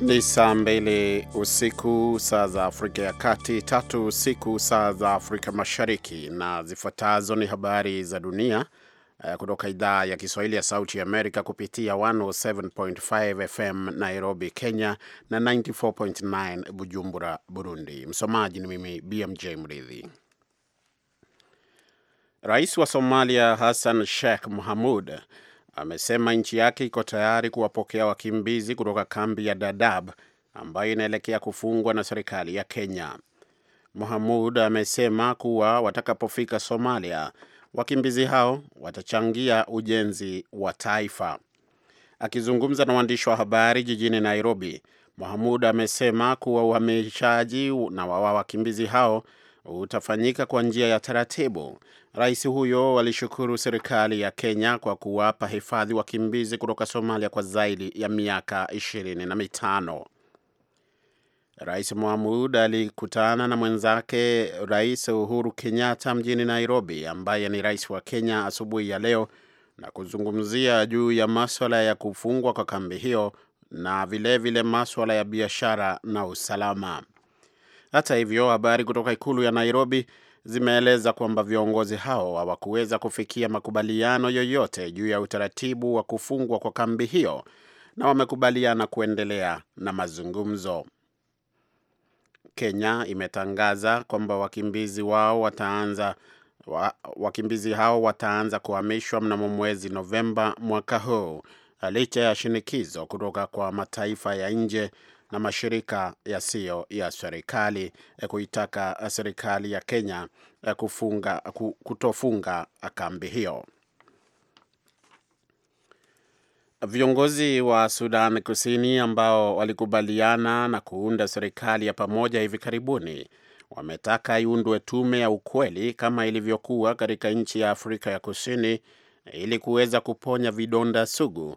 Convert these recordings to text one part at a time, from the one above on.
Ni saa mbili usiku saa za Afrika ya Kati, tatu usiku saa za Afrika Mashariki, na zifuatazo ni habari za dunia eh, kutoka idhaa ya Kiswahili ya Sauti ya Amerika kupitia 107.5 FM Nairobi, Kenya na 94.9 Bujumbura, Burundi. Msomaji ni mimi BMJ Mridhi. Rais wa Somalia Hassan Sheikh muhamud amesema nchi yake iko tayari kuwapokea wakimbizi kutoka kambi ya Dadaab ambayo inaelekea kufungwa na serikali ya Kenya. Mohamud amesema kuwa watakapofika Somalia, wakimbizi hao watachangia ujenzi wa taifa. Akizungumza na waandishi wa habari jijini Nairobi, Mohamud amesema kuwa uhamishaji na wa wakimbizi hao utafanyika kwa njia ya taratibu Rais huyo walishukuru serikali ya Kenya kwa kuwapa hifadhi wakimbizi kutoka Somalia kwa zaidi ya miaka ishirini na mitano. Rais Mahmud alikutana na mwenzake Rais Uhuru Kenyatta mjini Nairobi, ambaye ni rais wa Kenya, asubuhi ya leo na kuzungumzia juu ya maswala ya kufungwa kwa kambi hiyo na vilevile maswala ya biashara na usalama. Hata hivyo, habari kutoka ikulu ya Nairobi zimeeleza kwamba viongozi hao hawakuweza kufikia makubaliano yoyote juu ya utaratibu wa kufungwa kwa kambi hiyo na wamekubaliana kuendelea na mazungumzo. Kenya imetangaza kwamba wakimbizi wao wataanza wa, wakimbizi hao wataanza kuhamishwa mnamo mwezi Novemba mwaka huu licha ya shinikizo kutoka kwa mataifa ya nje na mashirika yasiyo ya serikali eh, kuitaka eh, serikali ya Kenya eh, kufunga, kutofunga kambi hiyo. Viongozi wa Sudan Kusini ambao walikubaliana na kuunda serikali ya pamoja hivi karibuni wametaka iundwe tume ya ukweli kama ilivyokuwa katika nchi ya Afrika ya Kusini ili kuweza kuponya vidonda sugu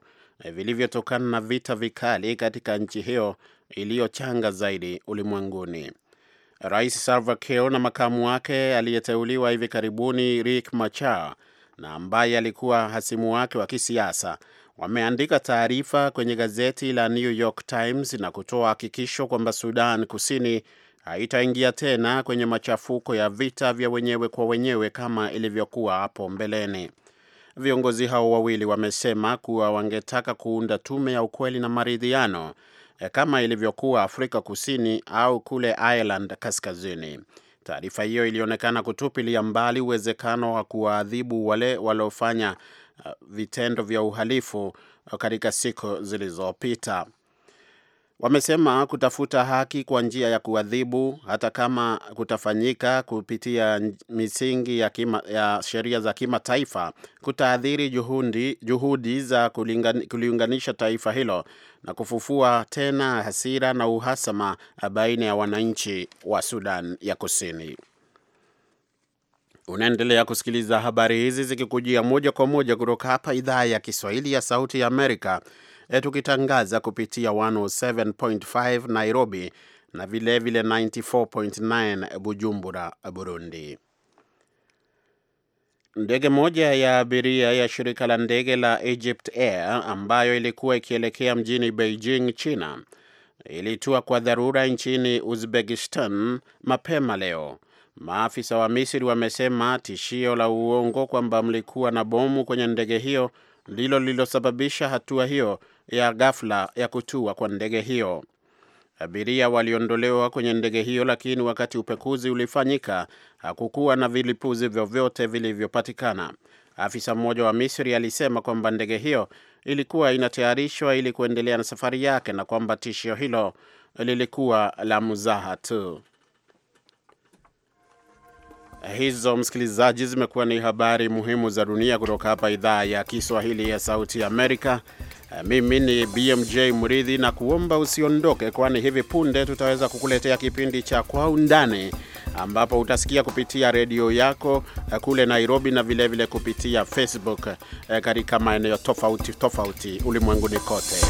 vilivyotokana na vita vikali katika nchi hiyo iliyochanga zaidi ulimwenguni. Rais Salva Kiir na makamu wake aliyeteuliwa hivi karibuni Riek Machar na ambaye alikuwa hasimu wake wa kisiasa wameandika taarifa kwenye gazeti la New York Times na kutoa hakikisho kwamba Sudan Kusini haitaingia tena kwenye machafuko ya vita vya wenyewe kwa wenyewe kama ilivyokuwa hapo mbeleni. Viongozi hao wawili wamesema kuwa wangetaka kuunda tume ya ukweli na maridhiano Eh, kama ilivyokuwa Afrika Kusini au kule Ireland Kaskazini. Taarifa hiyo ilionekana kutupilia mbali uwezekano wa kuwaadhibu wale waliofanya eh, vitendo vya uhalifu eh, katika siku zilizopita. Wamesema kutafuta haki kwa njia ya kuadhibu, hata kama kutafanyika kupitia misingi ya, ya sheria za kimataifa, kutaathiri juhudi, juhudi za kuliunganisha taifa hilo na kufufua tena hasira na uhasama baina ya wananchi wa Sudan ya Kusini. Unaendelea kusikiliza habari hizi zikikujia moja kwa moja kutoka hapa idhaa ya Kiswahili ya Sauti ya Amerika, eh, tukitangaza kupitia 107.5 Nairobi na vilevile 94.9 Bujumbura, Burundi. Ndege moja ya abiria ya shirika la ndege la Egypt Air ambayo ilikuwa ikielekea mjini Beijing, China, ilitua kwa dharura nchini Uzbekistan mapema leo. Maafisa wa Misri wamesema tishio la uongo kwamba mlikuwa na bomu kwenye ndege hiyo ndilo lililosababisha hatua hiyo ya ghafla ya kutua kwa ndege hiyo. Abiria waliondolewa kwenye ndege hiyo, lakini wakati upekuzi ulifanyika hakukuwa na vilipuzi vyovyote vilivyopatikana. Afisa mmoja wa Misri alisema kwamba ndege hiyo ilikuwa inatayarishwa ili kuendelea na safari yake na kwamba tishio hilo lilikuwa la mzaha tu. Hizo msikilizaji, zimekuwa ni habari muhimu za dunia kutoka hapa idhaa ya Kiswahili ya Sauti ya Amerika. Eh, mimi ni BMJ Mridhi na kuomba usiondoke, kwani hivi punde tutaweza kukuletea kipindi cha Kwa Undani ambapo utasikia kupitia redio yako eh, kule Nairobi na vilevile vile kupitia Facebook eh, katika maeneo tofauti tofauti ulimwenguni kote.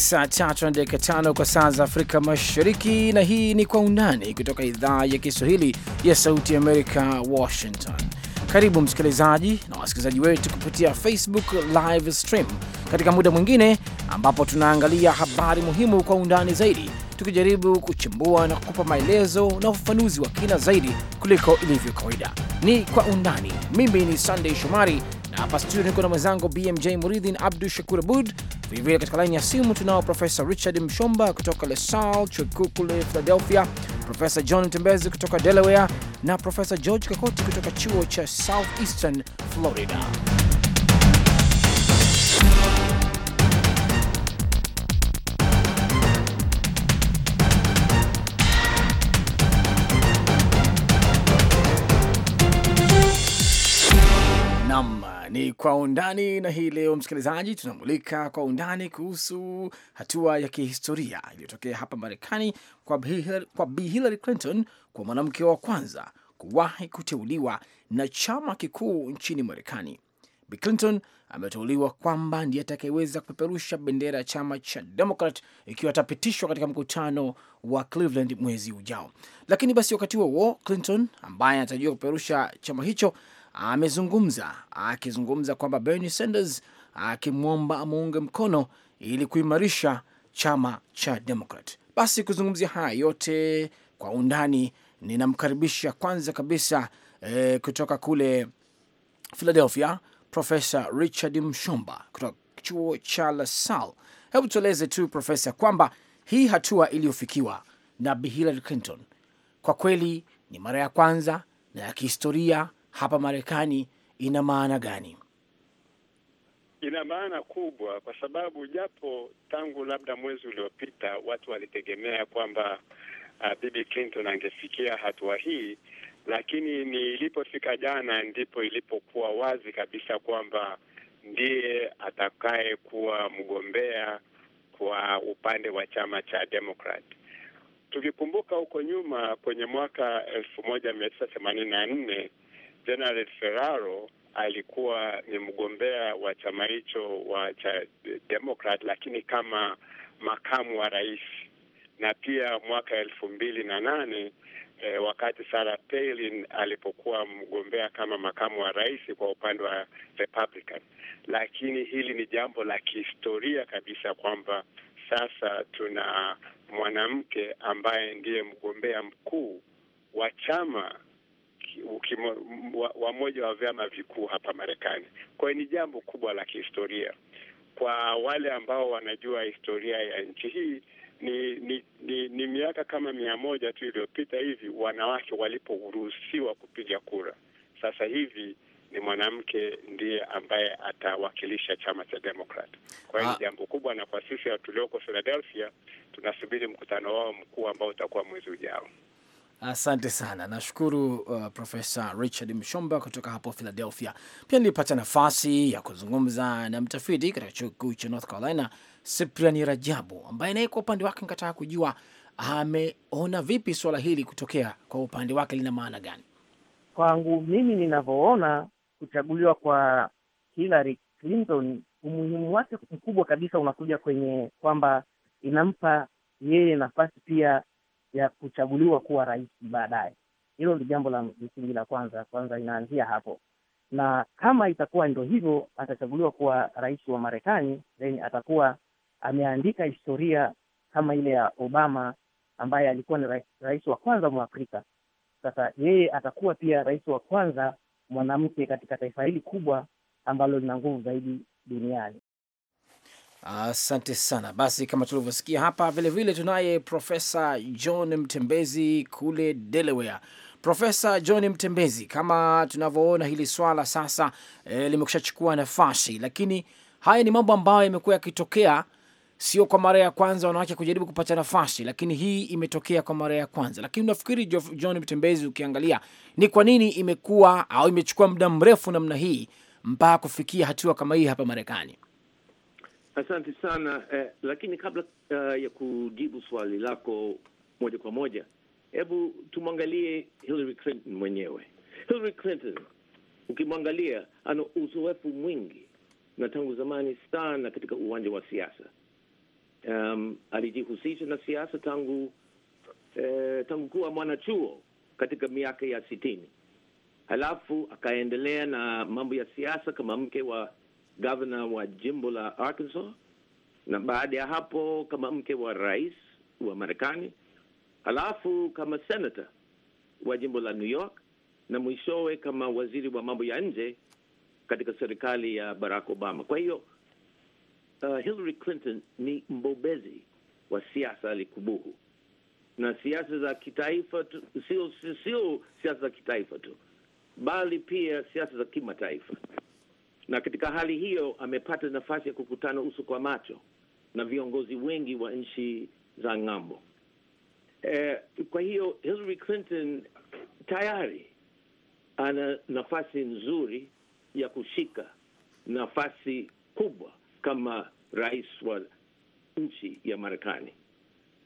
saa tatu na dakika tano kwa saa za Afrika Mashariki, na hii ni Kwa Undani kutoka idhaa ya Kiswahili ya Sauti Amerika, Washington. Karibu msikilizaji na wasikilizaji wetu kupitia Facebook live stream katika muda mwingine ambapo tunaangalia habari muhimu kwa undani zaidi, tukijaribu kuchimbua na kukupa maelezo na ufafanuzi wa kina zaidi kuliko ilivyo kawaida. Ni Kwa Undani. Mimi ni sandey Shomari na hapa studio niko na mwenzangu BMJ Muridhi na Abdu Shakur Abud Vilevile katika laini ya simu tunao Profesa Richard Mshomba kutoka lesal chuo kikuu kule Philadelphia, Profesa John Tembezi kutoka Delaware na Profesa George Kakoti kutoka chuo cha Southeastern Florida. Nam ni kwa undani, na hii leo msikilizaji, tunamulika kwa undani kuhusu hatua ya kihistoria iliyotokea hapa Marekani kwa Bi Hillary Clinton kwa mwanamke wa kwanza kuwahi kuteuliwa na chama kikuu nchini Marekani. Bi Clinton ameteuliwa kwamba ndiye atakayeweza kupeperusha bendera ya chama cha Demokrat ikiwa atapitishwa katika mkutano wa Cleveland mwezi ujao. Lakini basi wakati huo huo, Clinton ambaye anatarajiwa kupeperusha chama hicho amezungumza akizungumza kwamba Bernie Sanders akimwomba amuunge mkono ili kuimarisha chama cha Demokrat. Basi kuzungumzia haya yote kwa undani, ninamkaribisha kwanza kabisa e, kutoka kule Philadelphia Profesa Richard Mshomba kutoka chuo cha LaSalle. Hebu tueleze tu profesa, kwamba hii hatua iliyofikiwa na Bi Hillary Clinton kwa kweli ni mara ya kwanza na ya kihistoria hapa Marekani ina maana gani? Ina maana kubwa, kwa sababu japo tangu labda mwezi uliopita watu walitegemea kwamba uh, Bibi Clinton angefikia hatua hii, lakini ni ilipofika jana ndipo ilipokuwa wazi kabisa kwamba ndiye atakaye kuwa mgombea kwa upande wa chama cha demokrat Tukikumbuka huko nyuma kwenye mwaka elfu moja mia tisa themanini na nne General Ferraro alikuwa ni mgombea wa chama hicho wa cha Democrat, lakini kama makamu wa rais, na pia mwaka elfu mbili na nane e, wakati Sarah Palin alipokuwa mgombea kama makamu wa rais kwa upande wa Republican. Lakini hili ni jambo la kihistoria kabisa kwamba sasa tuna mwanamke ambaye ndiye mgombea mkuu wa chama wa moja wa vyama vikuu hapa Marekani. Kwa hiyo ni jambo kubwa la kihistoria kwa wale ambao wanajua historia ya nchi hii. Ni, ni, ni, ni miaka kama mia moja tu iliyopita hivi wanawake waliporuhusiwa kupiga kura. Sasa hivi ni mwanamke ndiye ambaye atawakilisha chama cha Demokrat. Kwa hiyo ni ah. jambo kubwa, na kwa sisi tulioko Philadelphia tunasubiri mkutano wao mkuu ambao utakuwa mwezi ujao. Asante sana, nashukuru uh, Profesa Richard Mshomba kutoka hapo Philadelphia. Pia nilipata nafasi ya kuzungumza na mtafiti katika chuo kikuu cha North Carolina, sipriani Rajabu, ambaye naye kwa upande wake nikataka kujua ameona vipi suala hili kutokea, kwa upande wake lina maana gani? Kwangu mimi ninavyoona, kuchaguliwa kwa Hillary Clinton, umuhimu wake mkubwa kabisa unakuja kwenye kwamba inampa yeye nafasi pia ya kuchaguliwa kuwa rais baadaye. Hilo ni jambo la msingi la kwanza, kwanza inaanzia hapo, na kama itakuwa ndo hivyo, atachaguliwa kuwa rais wa Marekani, then atakuwa ameandika historia kama ile ya Obama ambaye alikuwa ni rais, wa kwanza mwafrika Afrika. Sasa yeye atakuwa pia rais wa kwanza mwanamke katika taifa hili kubwa ambalo lina nguvu zaidi duniani. Asante sana. Basi kama tulivyosikia hapa, vilevile tunaye Profesa John Mtembezi kule Delaware. Profesa John Mtembezi, kama tunavyoona hili swala sasa e, chukua nafasi, lakini haya ni mambo ambayo yamekuwa yakitokea, sio kwa mara ya kwanza wanawake kujaribu kupata nafasi, lakini hii imetokea kwa mara ya kwanza. Lakini unafikiri John Mtembezi, ukiangalia ni kwa nini imekuwa au imechukua muda mrefu namna hii mpaka kufikia hatua kama hii hapa Marekani? Asante sana eh, lakini kabla uh, ya kujibu swali lako moja kwa moja, hebu tumwangalie Hillary Clinton mwenyewe. Hillary Clinton ukimwangalia, ana uzoefu mwingi na tangu zamani sana katika uwanja wa siasa. Um, alijihusisha na siasa tangu eh, tangu kuwa mwanachuo katika miaka ya sitini, halafu akaendelea na mambo ya siasa kama mke wa gavana wa jimbo la Arkansas, na baada ya hapo kama mke wa rais wa Marekani, halafu kama senator wa jimbo la New York, na mwishowe kama waziri wa mambo ya nje katika serikali ya Barack Obama. Kwa hiyo uh, Hillary Clinton ni mbobezi wa siasa likubuhu, na siasa za kitaifa tu, sio siasa za kitaifa tu, bali pia siasa za kimataifa na katika hali hiyo amepata nafasi ya kukutana uso kwa macho na viongozi wengi wa nchi za ng'ambo. Eh, kwa hiyo Hillary Clinton tayari ana nafasi nzuri ya kushika nafasi kubwa kama rais wa nchi ya Marekani,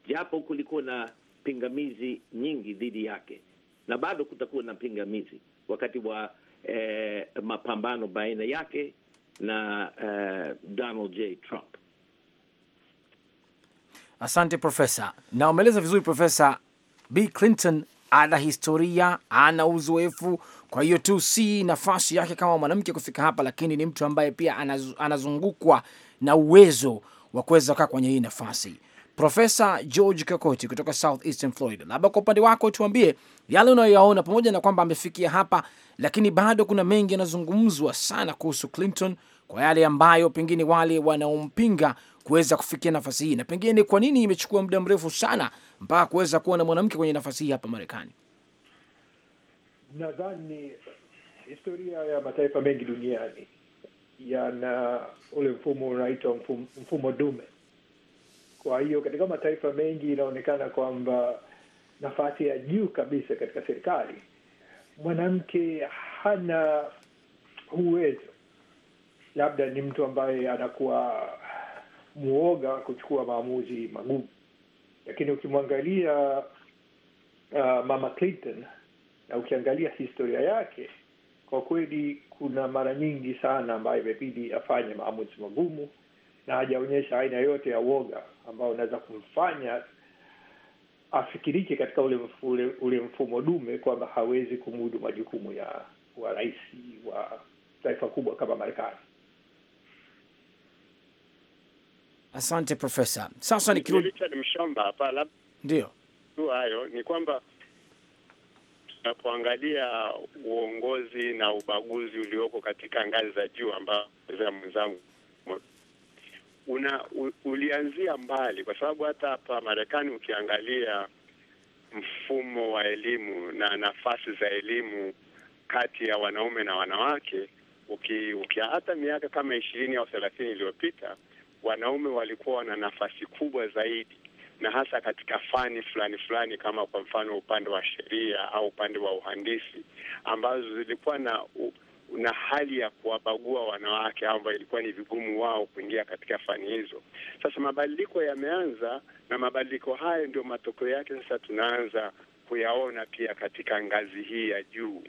japo kulikuwa na pingamizi nyingi dhidi yake na bado kutakuwa na pingamizi wakati wa eh, mapambano baina yake na eh, Donald J. Trump. Asante Profesa, na umeeleza vizuri Profesa. B Clinton ana historia, ana uzoefu, kwa hiyo tu si nafasi yake kama mwanamke kufika hapa, lakini ni mtu ambaye pia anazungukwa na uwezo wa kuweza kaa kwenye hii nafasi. Profesa George Kakoti kutoka Southeastern Florida, labda kwa upande wako tuambie yale unayoyaona, pamoja na kwamba amefikia hapa, lakini bado kuna mengi yanazungumzwa sana kuhusu Clinton, kwa yale ambayo pengine wale wanaompinga kuweza kufikia nafasi hii, na pengine kwa nini imechukua muda mrefu sana mpaka kuweza kuwa na mwanamke kwenye nafasi hii hapa Marekani. Nadhani historia ya mataifa mengi duniani yana ule mfumo unaitwa mfumo, mfumo dume kwa hiyo katika mataifa mengi inaonekana kwamba nafasi ya juu kabisa katika serikali mwanamke hana uwezo, labda ni mtu ambaye anakuwa mwoga kuchukua maamuzi magumu. Lakini ukimwangalia uh, mama Clinton na ukiangalia historia yake, kwa kweli kuna mara nyingi sana ambayo imebidi afanye maamuzi magumu na hajaonyesha aina yote ya uoga ambao unaweza kumfanya afikirike katika ule ule, ule mfumo dume kwamba hawezi kumudu majukumu ya wa rais wa taifa kubwa kama Marekani. Asante Profesa. Sasa nikirudi Richard Mshamba hapa, labda ndio tu hayo ni kwamba tunapoangalia uongozi na ubaguzi ulioko katika ngazi za juu ambao mwenzangu una u, ulianzia mbali, kwa sababu hata hapa Marekani ukiangalia mfumo wa elimu na nafasi za elimu kati ya wanaume na wanawake uki, uki hata miaka kama ishirini au thelathini iliyopita wanaume walikuwa wana nafasi kubwa zaidi, na hasa katika fani fulani fulani, kama kwa mfano upande wa sheria au upande wa uhandisi ambazo zilikuwa na u, na hali ya kuwabagua wanawake ambao ilikuwa ni vigumu wao kuingia katika fani hizo. Sasa mabadiliko yameanza, na mabadiliko hayo ndio matokeo yake sasa tunaanza kuyaona pia katika ngazi hii ya juu.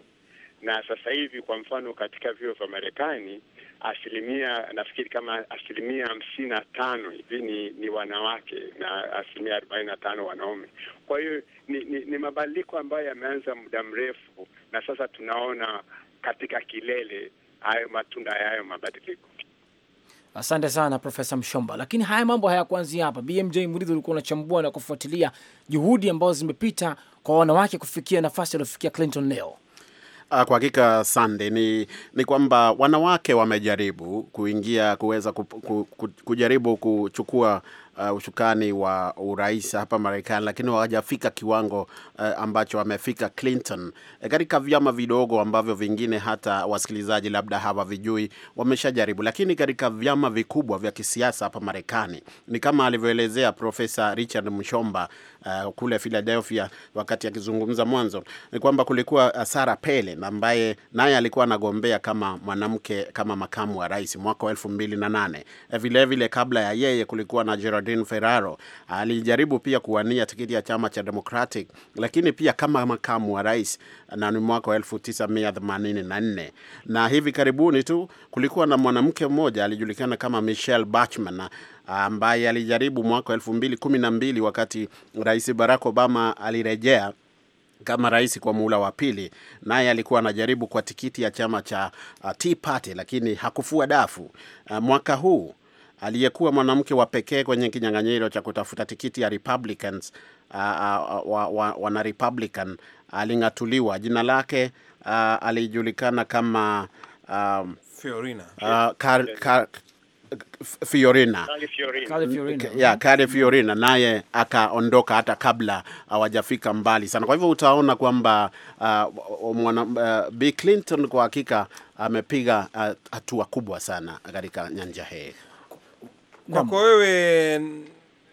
Na sasa hivi kwa mfano, katika vyuo vya Marekani asilimia nafikiri kama asilimia hamsini na tano hivi ni, ni wanawake na asilimia arobaini na tano wanaume. Kwa hiyo ni, ni, ni mabadiliko ambayo yameanza muda mrefu, na sasa tunaona katika kilele hayo matunda ya hayo mabadiliko. Asante sana Profesa Mshomba, lakini haya mambo hayakuanzia hapa. BMJ Mridhi, ulikuwa unachambua na kufuatilia juhudi ambazo zimepita kwa wanawake kufikia nafasi aliofikia Clinton leo. Ah, kwa hakika Sande, ni, ni kwamba wanawake wamejaribu kuingia kuweza ku, ku, ku, kujaribu kuchukua uh, ushukani wa urais hapa Marekani, lakini hawajafika kiwango uh, ambacho amefika Clinton e, katika vyama vidogo ambavyo vingine hata wasikilizaji labda hawavijui wameshajaribu, lakini katika vyama vikubwa vya kisiasa hapa Marekani ni kama alivyoelezea Profesa Richard Mshomba uh, kule Philadelphia wakati akizungumza mwanzo, ni kwamba kulikuwa uh, Sara Palin ambaye naye alikuwa anagombea kama mwanamke kama makamu wa rais mwaka wa elfu mbili na nane. Vilevile eh, kabla ya yeye kulikuwa na Gerald Jardin Ferraro alijaribu pia kuwania tikiti ya chama cha Democratic, lakini pia kama makamu wa rais na ni mwaka wa 1984 na hivi karibuni tu kulikuwa na mwanamke mmoja alijulikana kama Michelle Bachmann ambaye alijaribu mwaka wa 2012 wakati Rais Barack Obama alirejea kama rais kwa muhula wa pili, naye alikuwa anajaribu kwa tikiti ya chama cha uh, Tea Party, lakini hakufua dafu. Uh, mwaka huu aliyekuwa mwanamke wa pekee kwenye kinyang'anyiro cha kutafuta tikiti ya Republicans uh, uh, wa, wa, wana Republican aling'atuliwa. Jina lake uh, alijulikana kama uh, Fiorina, uh, Kar, Kar, Fiorina. Kali Fiorina. Kali Fiorina. Yeah, Kali Fiorina naye akaondoka hata kabla hawajafika mbali sana. Kwa hivyo utaona kwamba uh, uh, Bill Clinton kwa hakika amepiga uh, hatua kubwa sana katika nyanja hii. Kwako wewe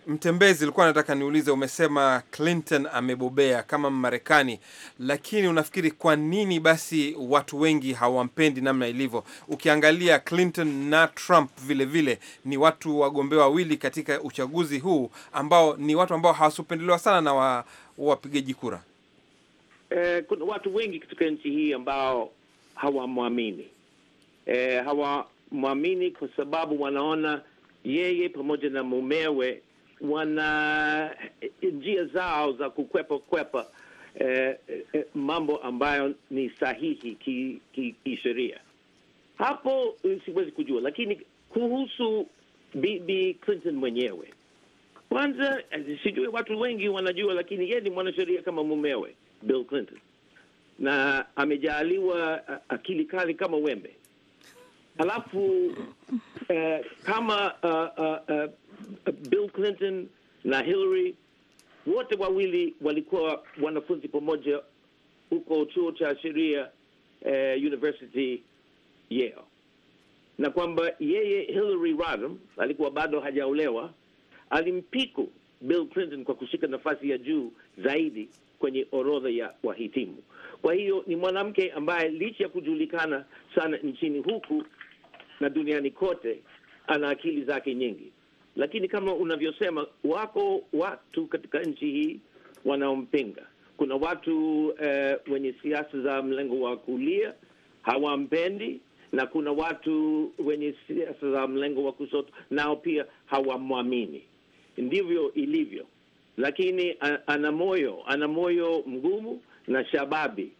mtembezi, ulikuwa nataka niulize, umesema Clinton amebobea kama marekani lakini unafikiri kwa nini basi watu wengi hawampendi namna ilivyo? Ukiangalia Clinton na Trump vile vile ni watu wagombea wawili katika uchaguzi huu ambao ni watu ambao hawasupendelewa sana na wa, wapigaji kura. Eh, kuna watu wengi katika nchi hii ambao hawamwamini, eh, hawamwamini kwa sababu wanaona yeye pamoja na mumewe wana eh, njia zao za kukwepa kwepa eh, eh, mambo ambayo ni sahihi kisheria ki, ki hapo eh, siwezi kujua, lakini kuhusu Bibi Clinton mwenyewe kwanza, eh, sijui watu wengi wanajua, lakini yeye ni mwanasheria kama mumewe Bill Clinton, na amejaaliwa akili kali kama wembe Halafu uh, eh, kama uh, uh, uh, Bill Clinton na Hillary wote wawili walikuwa wanafunzi pamoja huko chuo cha sheria uh, University Yale, na kwamba yeye Hillary Rodham alikuwa bado hajaolewa, alimpiku Bill Clinton kwa kushika nafasi ya juu zaidi kwenye orodha ya wahitimu. Kwa hiyo ni mwanamke ambaye licha ya kujulikana sana nchini huku na duniani kote ana akili zake nyingi, lakini kama unavyosema, wako watu katika nchi hii wanaompinga. Kuna watu eh, wenye siasa za mlengo wa kulia hawampendi, na kuna watu wenye siasa za mlengo wa kusoto nao pia hawamwamini. Ndivyo ilivyo, lakini ana moyo ana moyo mgumu na shababi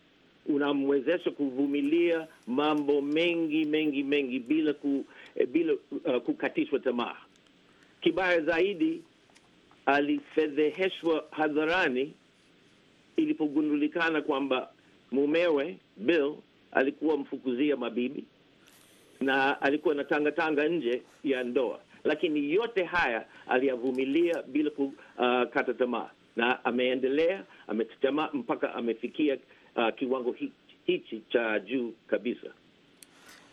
unamwezesha kuvumilia mambo mengi mengi mengi bila ku, eh, bila uh, kukatishwa tamaa. Kibaya zaidi alifedheheshwa hadharani ilipogundulikana kwamba mumewe Bill alikuwa mfukuzia mabibi na alikuwa na tangatanga nje ya ndoa, lakini yote haya aliyavumilia bila kukata uh, tamaa na ameendelea ametetema mpaka amefikia uh, kiwango hichi, hichi cha juu kabisa.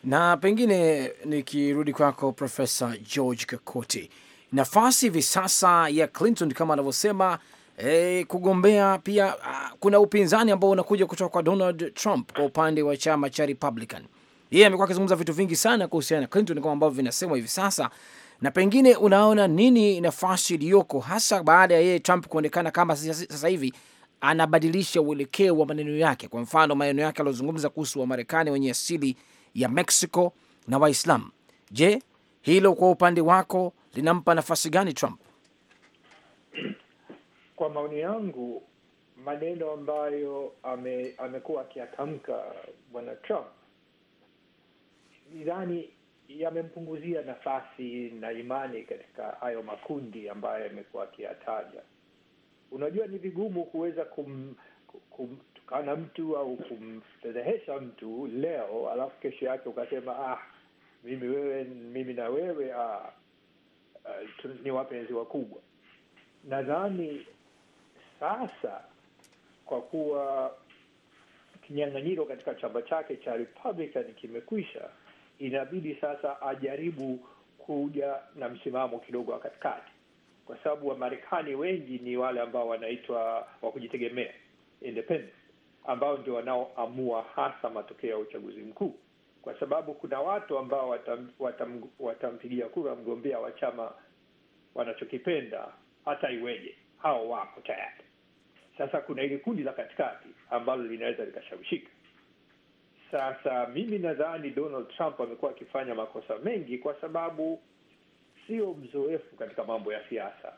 Na pengine nikirudi kwako Profesa George Kakoti, nafasi hivi sasa ya Clinton kama anavyosema E, kugombea pia, ah, kuna upinzani ambao unakuja kutoka kwa Donald Trump kwa upande wa chama cha Republican. Yeye amekuwa akizungumza vitu vingi sana kuhusiana na Clinton kama ambavyo vinasemwa hivi sasa, na pengine unaona nini nafasi iliyoko hasa baada ya yeye Trump kuonekana kama sasa hivi anabadilisha uelekeo wa maneno yake. Kwa mfano, maneno yake aliyozungumza kuhusu Wamarekani wenye asili ya Mexico na Waislam. Je, hilo kwa upande wako linampa nafasi gani Trump? Kwa maoni yangu, maneno ambayo ame, amekuwa akiyatamka bwana Trump nidhani yamempunguzia nafasi na imani katika hayo makundi ambayo amekuwa akiyataja. Unajua, ni vigumu kuweza kum, kum kana mtu au kumfedhehesha mtu leo, alafu kesho yake ukasema ah, mimi wewe, mimi na wewe ah, ah, ni wapenzi wakubwa. Nadhani sasa kwa kuwa kinyang'anyiro katika chama chake cha Republican kimekwisha, inabidi sasa ajaribu kuja na msimamo kidogo wa katikati kwa sababu Wamarekani wengi ni wale ambao wanaitwa wa kujitegemea independent, ambao ndio wanaoamua hasa matokeo ya uchaguzi mkuu, kwa sababu kuna watu ambao watam, watam, watampigia kura mgombea wa chama wanachokipenda hata iweje, hao wapo tayari. Sasa kuna ile kundi la katikati ambalo linaweza likashawishika. Sasa mimi nadhani Donald Trump amekuwa akifanya makosa mengi kwa sababu sio mzoefu katika mambo ya siasa,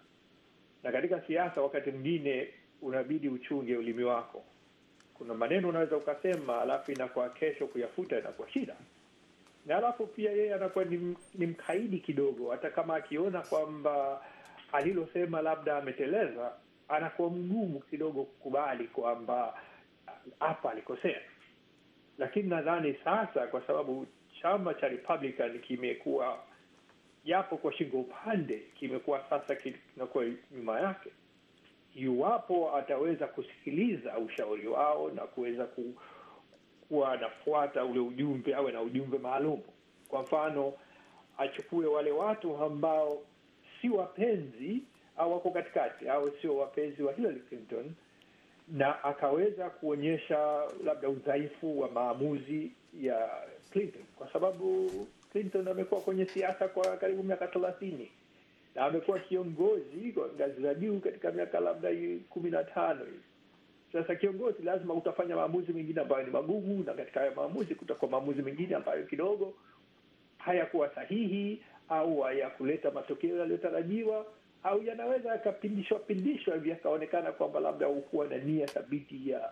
na katika siasa wakati mwingine unabidi uchunge ulimi wako. Kuna maneno unaweza ukasema, alafu inakuwa kesho kuyafuta inakuwa shida, na alafu pia yeye anakuwa ni, ni mkaidi kidogo, hata kama akiona kwamba alilosema labda ameteleza, anakuwa mgumu kidogo kukubali kwamba hapa alikosea. Lakini nadhani sasa, kwa sababu chama cha Republican kimekuwa japo kwa shingo upande kimekuwa sasa kinakuwa nyuma yake. Iwapo ataweza kusikiliza ushauri wao na kuweza ku, kuwa anafuata ule ujumbe, awe na ujumbe maalum, kwa mfano achukue wale watu ambao si wapenzi au wako katikati au sio wapenzi wa Hillary Clinton na akaweza kuonyesha labda udhaifu wa maamuzi ya Clinton, kwa sababu Clinton amekuwa kwenye siasa kwa karibu miaka thelathini na amekuwa kiongozi kwa ngazi za juu katika miaka labda kumi na tano hivi. Sasa kiongozi lazima utafanya maamuzi mengine ambayo ni magumu, na katika hayo maamuzi kutakuwa maamuzi mengine ambayo kidogo hayakuwa sahihi au hayakuleta matokeo yaliyotarajiwa au yanaweza yakapindishwa pindishwa hivi yakaonekana kwamba labda hukuwa na nia thabiti ya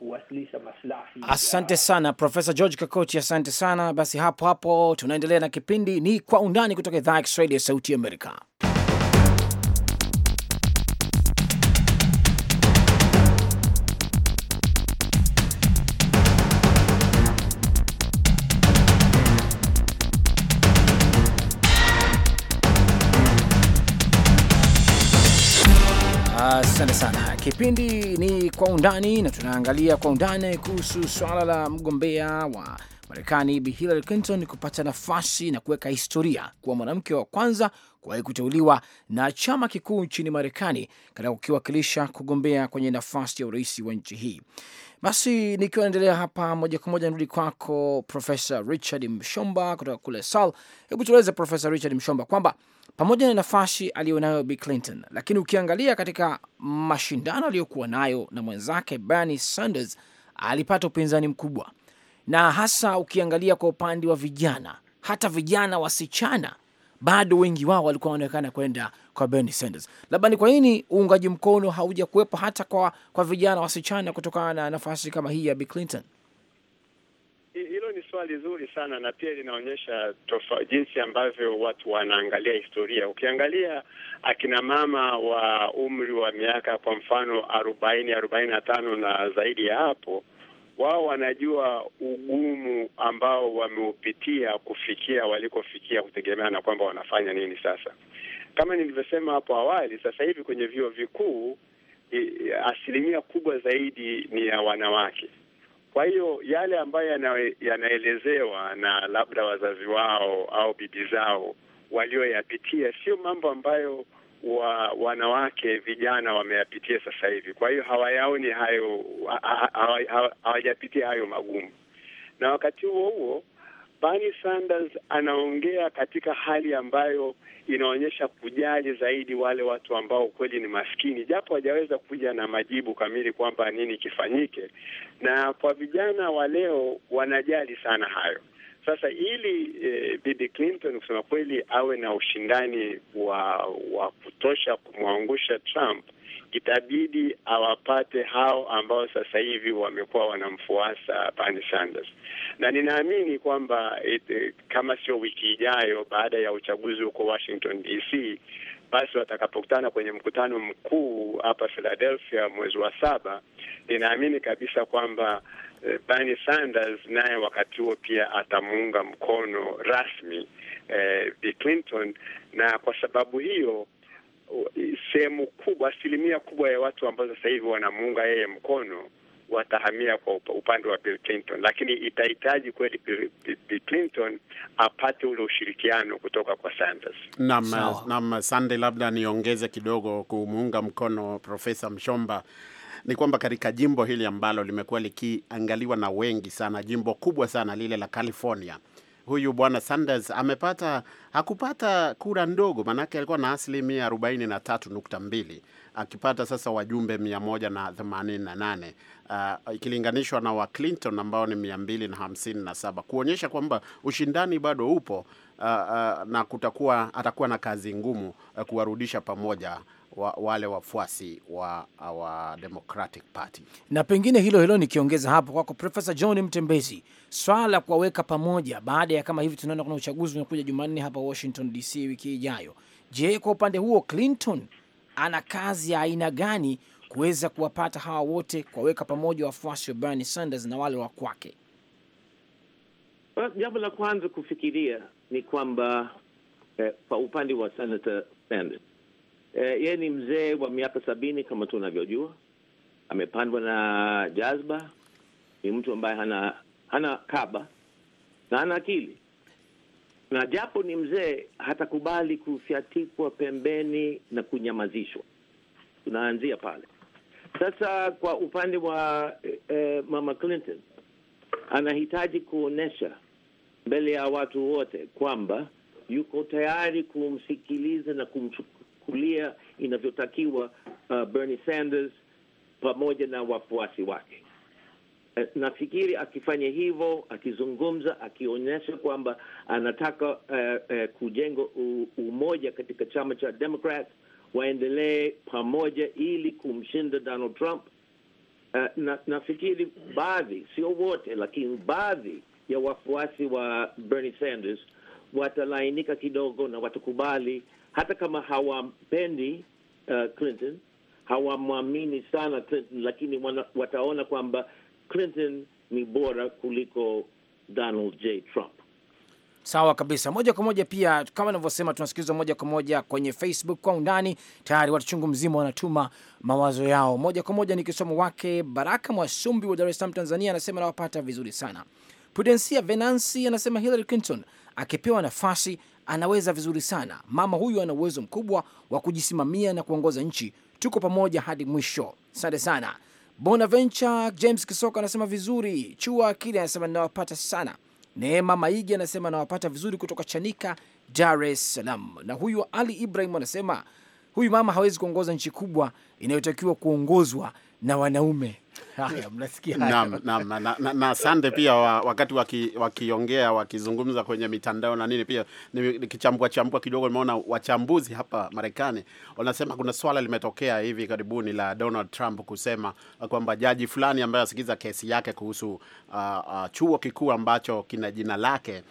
kuwasilisha maslahi. Asante sana Profesa George Kakoti, asante sana. Basi hapo hapo tunaendelea na kipindi ni Kwa Undani kutoka idhaa ya Kiswahili ya Sauti Amerika. Asante sana. Kipindi ni Kwa Undani na tunaangalia kwa undani kuhusu swala la mgombea wa Marekani Bi Hillary Clinton kupata nafasi na kuweka historia kuwa mwanamke wa kwanza kuwahi kuteuliwa na chama kikuu nchini Marekani katika kukiwakilisha kugombea kwenye nafasi ya urais wa nchi hii. Basi nikiwa naendelea hapa moja kwa moja, nirudi kwako Profesa Richard Mshomba kutoka kule Sal. Hebu tueleze Profesa Richard Mshomba kwamba pamoja na nafasi aliyonayo Bi Clinton, lakini ukiangalia katika mashindano aliyokuwa nayo na mwenzake Bernie Sanders, alipata upinzani mkubwa na hasa ukiangalia kwa upande wa vijana, hata vijana wasichana bado wengi wao walikuwa wanaonekana kwenda kwa Bernie Sanders. Labda ni kwa nini uungaji mkono hauja kuwepo hata kwa, kwa vijana wasichana kutokana na nafasi kama hii ya Bill Clinton? Hilo ni swali zuri sana, na pia linaonyesha jinsi ambavyo watu wanaangalia historia. Ukiangalia akina mama wa umri wa miaka kwa mfano arobaini arobaini na tano na zaidi ya hapo wao wanajua ugumu ambao wameupitia kufikia walikofikia, kutegemea na kwamba wanafanya nini. Sasa kama nilivyosema hapo awali, sasa hivi kwenye vyuo vikuu asilimia kubwa zaidi ni ya wanawake. Kwa hiyo yale ambayo yanaelezewa na labda wazazi wao au bibi zao walioyapitia, sio mambo ambayo wa wanawake vijana wameyapitia sasa hivi. Kwa hiyo hawayaoni hayo, hawajapitia hayo magumu. Na wakati huo huo, Bernie Sanders anaongea katika hali ambayo inaonyesha kujali zaidi wale watu ambao kweli ni maskini, japo hajaweza kuja na majibu kamili kwamba nini kifanyike. Na kwa vijana wa leo wanajali sana hayo. Sasa ili eh, Bibi Clinton kusema kweli awe na ushindani wa wa kutosha kumwangusha Trump, itabidi awapate hao ambao sasa hivi wamekuwa wanamfuasa Bernie Sanders, na ninaamini kwamba eh, kama sio wiki ijayo, baada ya uchaguzi huko Washington DC, basi watakapokutana kwenye mkutano mkuu hapa Philadelphia mwezi wa saba, ninaamini kabisa kwamba eh, Bernie Sanders naye wakati huo pia atamuunga mkono rasmi eh, Clinton, na kwa sababu hiyo sehemu kubwa, asilimia kubwa ya watu ambao sasa hivi wanamuunga yeye mkono watahamia kwa upande wa Bill Clinton, lakini itahitaji kweli Bill Clinton apate ule ushirikiano kutoka kwa Sanders. Naam, so, naam, Sunday, labda niongeze kidogo kumuunga mkono Profesa Mshomba ni kwamba katika jimbo hili ambalo limekuwa likiangaliwa na wengi sana, jimbo kubwa sana lile la California, huyu bwana Sanders amepata hakupata kura ndogo, maanake alikuwa na asilimia arobaini na tatu nukta mbili akipata sasa wajumbe mia moja na themanini na nane uh, ikilinganishwa na wa Clinton ambao ni mia mbili na hamsini na saba kuonyesha kwamba ushindani bado upo uh, uh, na kutakuwa atakuwa na kazi ngumu uh, kuwarudisha pamoja wa, wale wafuasi wa, wa Democratic Party. Na pengine hilo hilo nikiongeza hapo kwako Profesa John Mtembezi, swala la kuwaweka pamoja baada ya kama hivi tunaona kuna uchaguzi unakuja Jumanne hapa Washington DC wiki ijayo. Je, kwa upande huo Clinton ana kazi ya aina gani kuweza kuwapata hawa wote kuwaweka pamoja wafuasi wa Bernie Sanders na wale wa kwake? Jambo la kwanza kufikiria ni kwamba eh, kwa upande wa Senator Sanders eh, yeye ni mzee wa miaka sabini kama tunavyojua, amepandwa na jazba, ni mtu ambaye hana hana kaba na hana akili, na japo ni mzee hatakubali kufyatikwa pembeni na kunyamazishwa. Tunaanzia pale sasa. Kwa upande wa eh, eh mama Clinton anahitaji kuonyesha mbele ya watu wote kwamba yuko tayari kumsikiliza na kumchukulia inavyotakiwa uh, Bernie Sanders pamoja na wafuasi wake. Eh, nafikiri akifanya hivyo, akizungumza, akionyesha kwamba anataka uh, uh, kujenga umoja katika chama cha Democrat, waendelee pamoja ili kumshinda Donald Trump. Uh, na, nafikiri baadhi, sio wote, lakini baadhi ya wafuasi wa Bernie Sanders watalainika kidogo na watakubali, hata kama hawampendi uh, Clinton, hawamwamini sana Clinton, lakini wana, wataona kwamba Clinton ni bora kuliko Donald J. Trump. Sawa kabisa, moja kwa moja. Pia kama ninavyosema, tunasikilizwa moja kwa moja kwenye Facebook kwa undani. Tayari watu chungu mzima wanatuma mawazo yao moja kwa moja, nikisoma wake. Baraka Mwasumbi wa Dar es Salaam, Tanzania, anasema anawapata vizuri sana Prudensia Venansi anasema Hillary Clinton akipewa nafasi anaweza vizuri sana. Mama huyu ana uwezo mkubwa wa kujisimamia na kuongoza nchi. Tuko pamoja hadi mwisho. Asante sana. Bonaventure James Kisoka anasema vizuri. Chua Akili anasema ninawapata sana. Neema Maigi anasema nawapata vizuri kutoka Chanika, Dar es Salaam. Na huyu Ali Ibrahim anasema huyu mama hawezi kuongoza nchi kubwa inayotakiwa kuongozwa na wanaume. Naam, naam, na, na Sande pia wakati wakiongea waki wakizungumza kwenye mitandao na nini, pia nikichambua chambua kidogo, nimeona wachambuzi hapa Marekani wanasema kuna swala limetokea hivi karibuni la Donald Trump kusema kwamba jaji fulani ambaye asikiza kesi yake kuhusu uh, uh, chuo kikuu ambacho kina jina lake,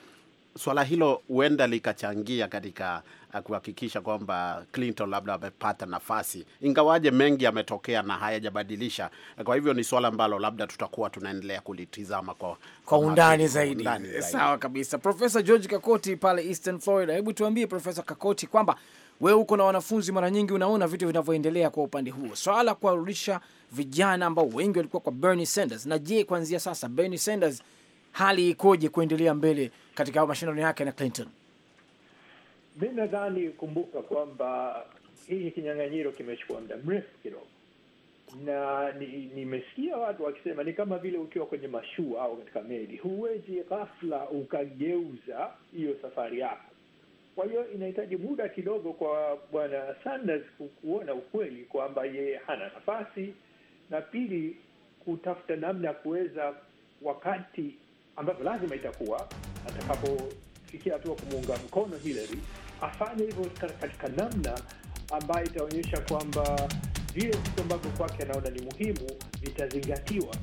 swala hilo huenda likachangia katika kuhakikisha kwamba Clinton labda amepata nafasi, ingawaje mengi yametokea na hayajabadilisha. Kwa hivyo ni swala ambalo labda tutakuwa tunaendelea kulitizama kwa, kwa, undani zaidi. Eh, sawa kabisa. Profesa George Kakoti pale Eastern Florida, hebu tuambie Profesa Kakoti kwamba wewe huko na wanafunzi, mara nyingi unaona vitu vinavyoendelea kwa upande huo, swala kuwarudisha vijana ambao wengi walikuwa kwa Bernie Sanders. Na je, kuanzia sasa Bernie Sanders hali ikoje kuendelea mbele katika mashindano yake na Clinton? mi nadhani kumbuka kwamba hii kinyang'anyiro kimechukua muda mrefu kidogo na nimesikia ni watu wakisema ni kama vile ukiwa kwenye mashua au katika meli, huwezi ghafla ukageuza hiyo safari yako. Kwa hiyo inahitaji muda kidogo kwa bwana Sanders kuona ukweli kwamba yeye hana nafasi, na pili kutafuta namna ya kuweza, wakati ambapo lazima itakuwa atakapofikia hatua kumuunga mkono Hillary afanye hivyo katika namna ambayo itaonyesha kwamba vile vitu ambavyo kwake anaona ni muhimu vitazingatiwa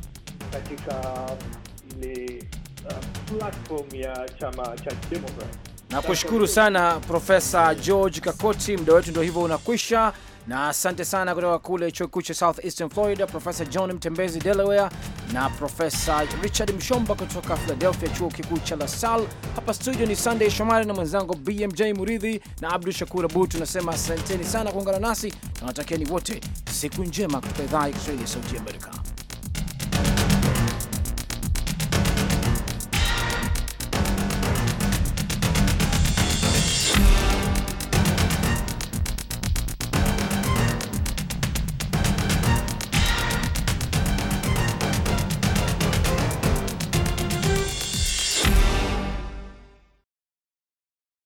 katika um, ile uh, platform ya chama cha Democrat. Nakushukuru sana Profesa George Kakoti, muda wetu ndio hivyo unakwisha na asante sana kutoka kule chuo kikuu cha Southeastern Florida, Profesa John Mtembezi Delaware na Profesa Richard Mshomba kutoka Philadelphia, chuo kikuu cha LaSalle. Hapa studio ni Sunday Shomari na mwenzangu BMJ Muridhi na Abdu Shakur abut Tunasema asanteni sana kuungana nasi na wote siku njema kutoka idhaa ya Kiswahili ya Sauti ya Amerika.